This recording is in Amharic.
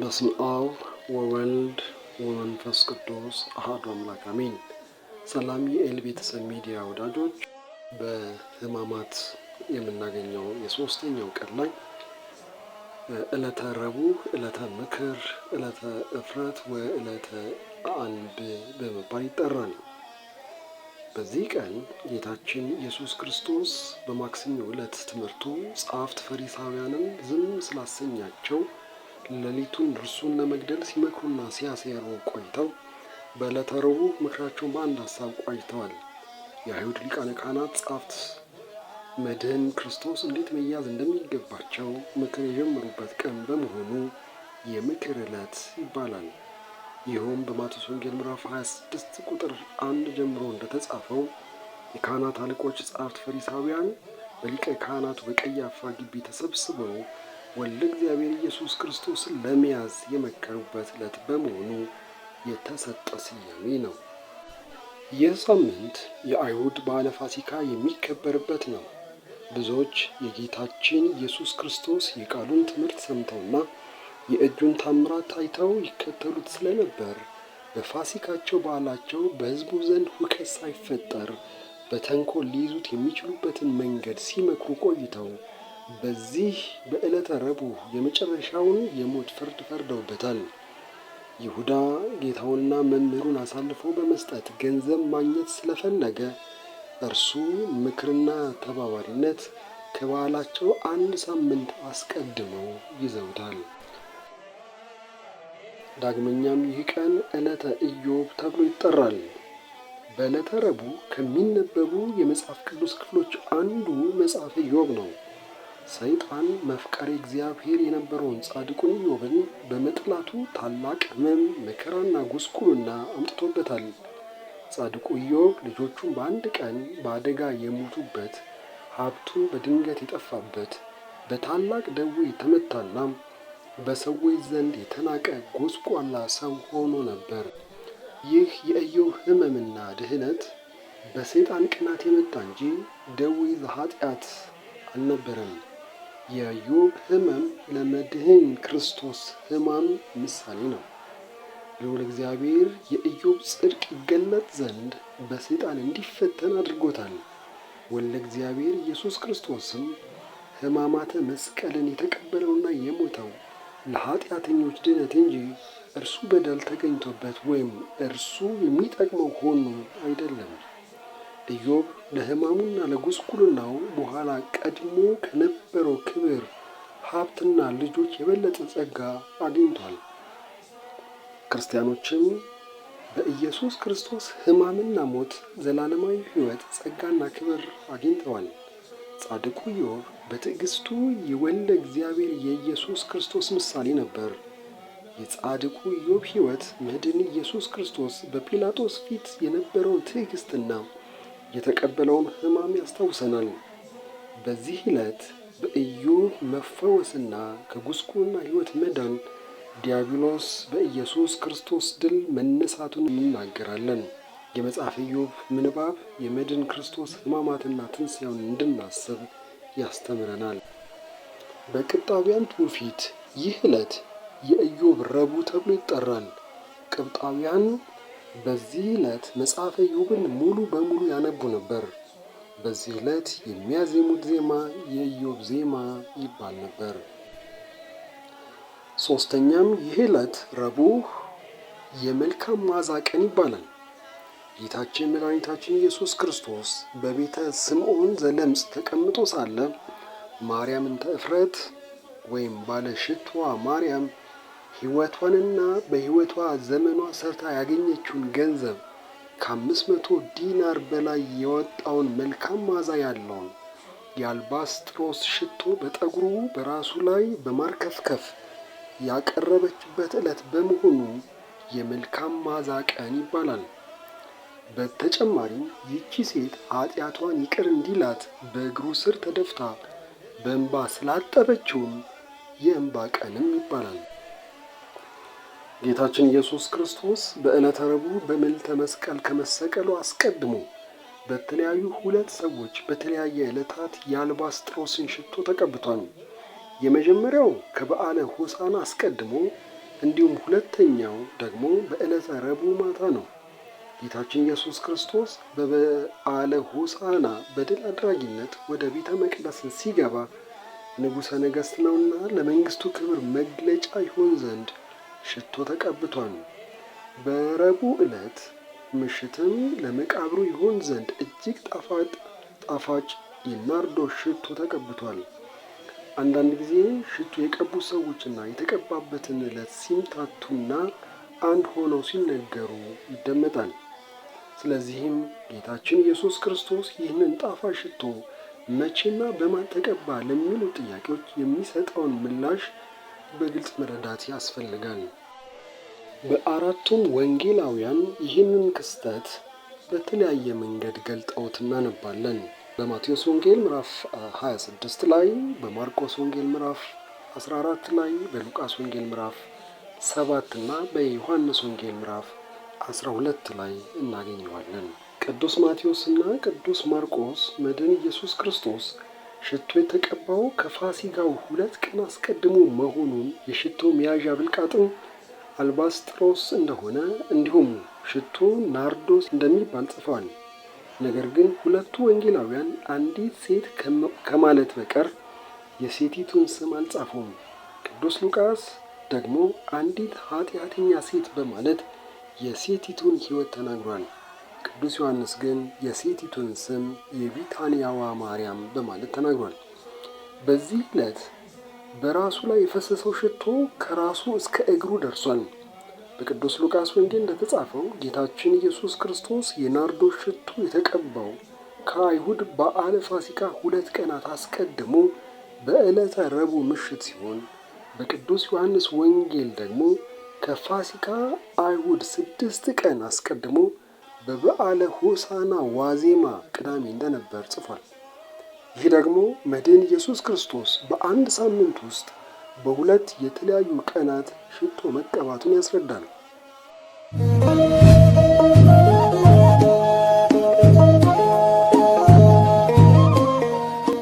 በስም አብ ወወልድ ወመንፈስ ቅዱስ አሐዱ አምላክ አሜን። ሰላም የኤል ቤተሰብ ሚዲያ ወዳጆች፣ በሕማማት የምናገኘው የሶስተኛው ቀን ላይ ዕለተ ረቡዕ፣ ዕለተ ምክር፣ ዕለተ እፍረት ወዕለተ አንብ በመባል ይጠራል። በዚህ ቀን ጌታችን ኢየሱስ ክርስቶስ በማክሰኞ ዕለት ትምህርቱ ጸሐፍት ፈሪሳውያንን ዝም ስላሰኛቸው ሌሊቱን እርሱን ለመግደል ሲመክሩና ሲያሴሩ ቆይተው በዕለተ ረቡዕ ምክራቸውን በአንድ ሀሳብ ቋጭተዋል። የአይሁድ ሊቃነ ካህናት ጻፍት መድህን ክርስቶስ እንዴት መያዝ እንደሚገባቸው ምክር የጀመሩበት ቀን በመሆኑ የምክር ዕለት ይባላል። ይኸውም በማቴዎስ ወንጌል ምዕራፍ 26 ቁጥር አንድ ጀምሮ እንደተጻፈው የካህናት አለቆች ጻፍት ፈሪሳውያን በሊቀ ካህናቱ በቀያፋ ግቢ ተሰብስበው ወልደ እግዚአብሔር ኢየሱስ ክርስቶስ ለመያዝ የመከሩበት ዕለት በመሆኑ የተሰጠ ስያሜ ነው። ይህ ሳምንት የአይሁድ በዓለ ፋሲካ የሚከበርበት ነው። ብዙዎች የጌታችን ኢየሱስ ክርስቶስ የቃሉን ትምህርት ሰምተውና የእጁን ታምራት ታይተው ይከተሉት ስለነበር በፋሲካቸው በዓላቸው በሕዝቡ ዘንድ ሁከት ሳይፈጠር በተንኮል ሊይዙት የሚችሉበትን መንገድ ሲመክሩ ቆይተው በዚህ በዕለተ ረቡዕ የመጨረሻውን የሞት ፍርድ ፈርደውበታል። ይሁዳ ጌታውንና መምህሩን አሳልፎ በመስጠት ገንዘብ ማግኘት ስለፈለገ እርሱ ምክርና ተባባሪነት ከበዓላቸው አንድ ሳምንት አስቀድመው ይዘውታል። ዳግመኛም ይህ ቀን ዕለተ ኢዮብ ተብሎ ይጠራል። በዕለተ ረቡዕ ከሚነበቡ የመጽሐፍ ቅዱስ ክፍሎች አንዱ መጽሐፍ ኢዮብ ነው። ሰይጣን መፍቀር እግዚአብሔር የነበረውን ጻድቁን ኢዮብን በመጥላቱ ታላቅ ሕመም መከራና ጉስቁልና አምጥቶበታል። ጻድቁ ኢዮብ ልጆቹን በአንድ ቀን በአደጋ የሞቱበት፣ ሀብቱ በድንገት የጠፋበት፣ በታላቅ ደዌ የተመታና በሰዎች ዘንድ የተናቀ ጎስቋላ ሰው ሆኖ ነበር። ይህ የኢዮብ ሕመምና ድህነት በሰይጣን ቅናት የመጣ እንጂ ደዌ ዘኃጢአት አልነበረም። የዮብ ህመም ለመድህን ክርስቶስ ህማም ምሳሌ ነው። ልዑል እግዚአብሔር የኢዮብ ጽድቅ ይገለጥ ዘንድ በሰይጣን እንዲፈተን አድርጎታል። ወልደ እግዚአብሔር ኢየሱስ ክርስቶስም ህማማተ መስቀልን የተቀበለውና የሞተው ለኃጢአተኞች ድነት እንጂ እርሱ በደል ተገኝቶበት ወይም እርሱ የሚጠቅመው ሆኖ አይደለም። ኢዮብ ለሕማሙና ለጉስቁልናው በኋላ ቀድሞ ከነበረው ክብር፣ ሀብትና ልጆች የበለጠ ጸጋ አግኝቷል። ክርስቲያኖችም በኢየሱስ ክርስቶስ ሕማምና ሞት ዘላለማዊ ሕይወት፣ ጸጋና ክብር አግኝተዋል። ጻድቁ ኢዮብ በትዕግስቱ የወልደ እግዚአብሔር የኢየሱስ ክርስቶስ ምሳሌ ነበር። የጻድቁ ኢዮብ ሕይወት መድን ኢየሱስ ክርስቶስ በጲላጦስ ፊት የነበረውን ትዕግስትና የተቀበለውን ሕማም ያስታውሰናል። በዚህ ዕለት በኢዮብ መፈወስና ከጉስቁልና ሕይወት መዳን ዲያብሎስ በኢየሱስ ክርስቶስ ድል መነሳቱን እንናገራለን። የመጽሐፍ ኢዮብ ምንባብ የመድን ክርስቶስ ሕማማትና ትንሣኤውን እንድናስብ ያስተምረናል። በቅብጣውያን ትውፊት ይህ ዕለት የኢዮብ ረቡዕ ተብሎ ይጠራል። ቅብጣውያን በዚህ ዕለት መጽሐፈ ኢዮብን ሙሉ በሙሉ ያነቡ ነበር። በዚህ ዕለት የሚያዜሙት ዜማ የኢዮብ ዜማ ይባል ነበር። ሶስተኛም ይህ ዕለት ረቡዕ የመልካም መዓዛ ቀን ይባላል። ጌታችን መድኃኒታችን ኢየሱስ ክርስቶስ በቤተ ስምዖን ዘለምጽ ተቀምጦ ሳለ ማርያም እንተ እፍረት ወይም ባለ ሽቷ ማርያም ህይወቷንና በህይወቷ ዘመኗ ሰርታ ያገኘችውን ገንዘብ ከአምስት መቶ ዲናር በላይ የወጣውን መልካም መዓዛ ያለውን የአልባስጥሮስ ሽቶ በጠጉሩ በራሱ ላይ በማርከፍከፍ ያቀረበችበት ዕለት በመሆኑ የመልካም መዓዛ ቀን ይባላል። በተጨማሪም ይቺ ሴት ኃጢአቷን ይቅር እንዲላት በእግሩ ስር ተደፍታ በእንባ ስላጠበችውም የእንባ ቀንም ይባላል። ጌታችን ኢየሱስ ክርስቶስ በዕለተ ረቡዕ በምልዕተ መስቀል ከመሰቀሉ አስቀድሞ በተለያዩ ሁለት ሰዎች በተለያየ ዕለታት የአልባስጥሮስን ሽቶ ተቀብቷል። የመጀመሪያው ከበዓለ ሆሳና አስቀድሞ እንዲሁም ሁለተኛው ደግሞ በዕለተ ረቡዕ ማታ ነው። ጌታችን ኢየሱስ ክርስቶስ በበዓለ ሆሳና በድል አድራጊነት ወደ ቤተ መቅደስ ሲገባ ንጉሠ ነገሥት ነውና ለመንግሥቱ ክብር መግለጫ ይሆን ዘንድ ሽቶ ተቀብቷል። በረቡዕ ዕለት ምሽትም ለመቃብሩ ይሆን ዘንድ እጅግ ጣፋጭ ጣፋጭ የናርዶ ሽቶ ተቀብቷል። አንዳንድ ጊዜ ሽቶ የቀቡ ሰዎችና የተቀባበትን ዕለት ሲምታቱና አንድ ሆነው ሲነገሩ ይደመጣል። ስለዚህም ጌታችን ኢየሱስ ክርስቶስ ይህንን ጣፋጭ ሽቶ መቼና በማን ተቀባ ለሚሉ ጥያቄዎች የሚሰጠውን ምላሽ በግልጽ መረዳት ያስፈልጋል። በአራቱም ወንጌላውያን ይህንን ክስተት በተለያየ መንገድ ገልጠውት እናነባለን። በማቴዎስ ወንጌል ምዕራፍ 26 ላይ፣ በማርቆስ ወንጌል ምዕራፍ 14 ላይ፣ በሉቃስ ወንጌል ምዕራፍ 7 እና በዮሐንስ ወንጌል ምዕራፍ 12 ላይ እናገኘዋለን። ቅዱስ ማቴዎስ እና ቅዱስ ማርቆስ መድን ኢየሱስ ክርስቶስ ሽቶ የተቀባው ከፋሲካው ሁለት ቀን አስቀድሞ መሆኑን የሽቶ መያዣ ብልቃጥም አልባስጥሮስ እንደሆነ እንዲሁም ሽቶ ናርዶስ እንደሚባል ጽፈዋል። ነገር ግን ሁለቱ ወንጌላውያን አንዲት ሴት ከማለት በቀር የሴቲቱን ስም አልጻፉም። ቅዱስ ሉቃስ ደግሞ አንዲት ኃጢአተኛ ሴት በማለት የሴቲቱን ሕይወት ተናግሯል። ቅዱስ ዮሐንስ ግን የሴቲቱን ስም የቢታንያዋ ማርያም በማለት ተናግሯል። በዚህ ዕለት በራሱ ላይ የፈሰሰው ሽቶ ከራሱ እስከ እግሩ ደርሷል። በቅዱስ ሉቃስ ወንጌል እንደተጻፈው ጌታችን ኢየሱስ ክርስቶስ የናርዶ ሽቶ የተቀባው ከአይሁድ በዓለ ፋሲካ ሁለት ቀናት አስቀድሞ በዕለተ ረቡዕ ምሽት ሲሆን በቅዱስ ዮሐንስ ወንጌል ደግሞ ከፋሲካ አይሁድ ስድስት ቀን አስቀድሞ በበዓለ ሆሳና ዋዜማ ቅዳሜ እንደነበር ጽፏል። ይህ ደግሞ መድን ኢየሱስ ክርስቶስ በአንድ ሳምንት ውስጥ በሁለት የተለያዩ ቀናት ሽቶ መቀባቱን ያስረዳል።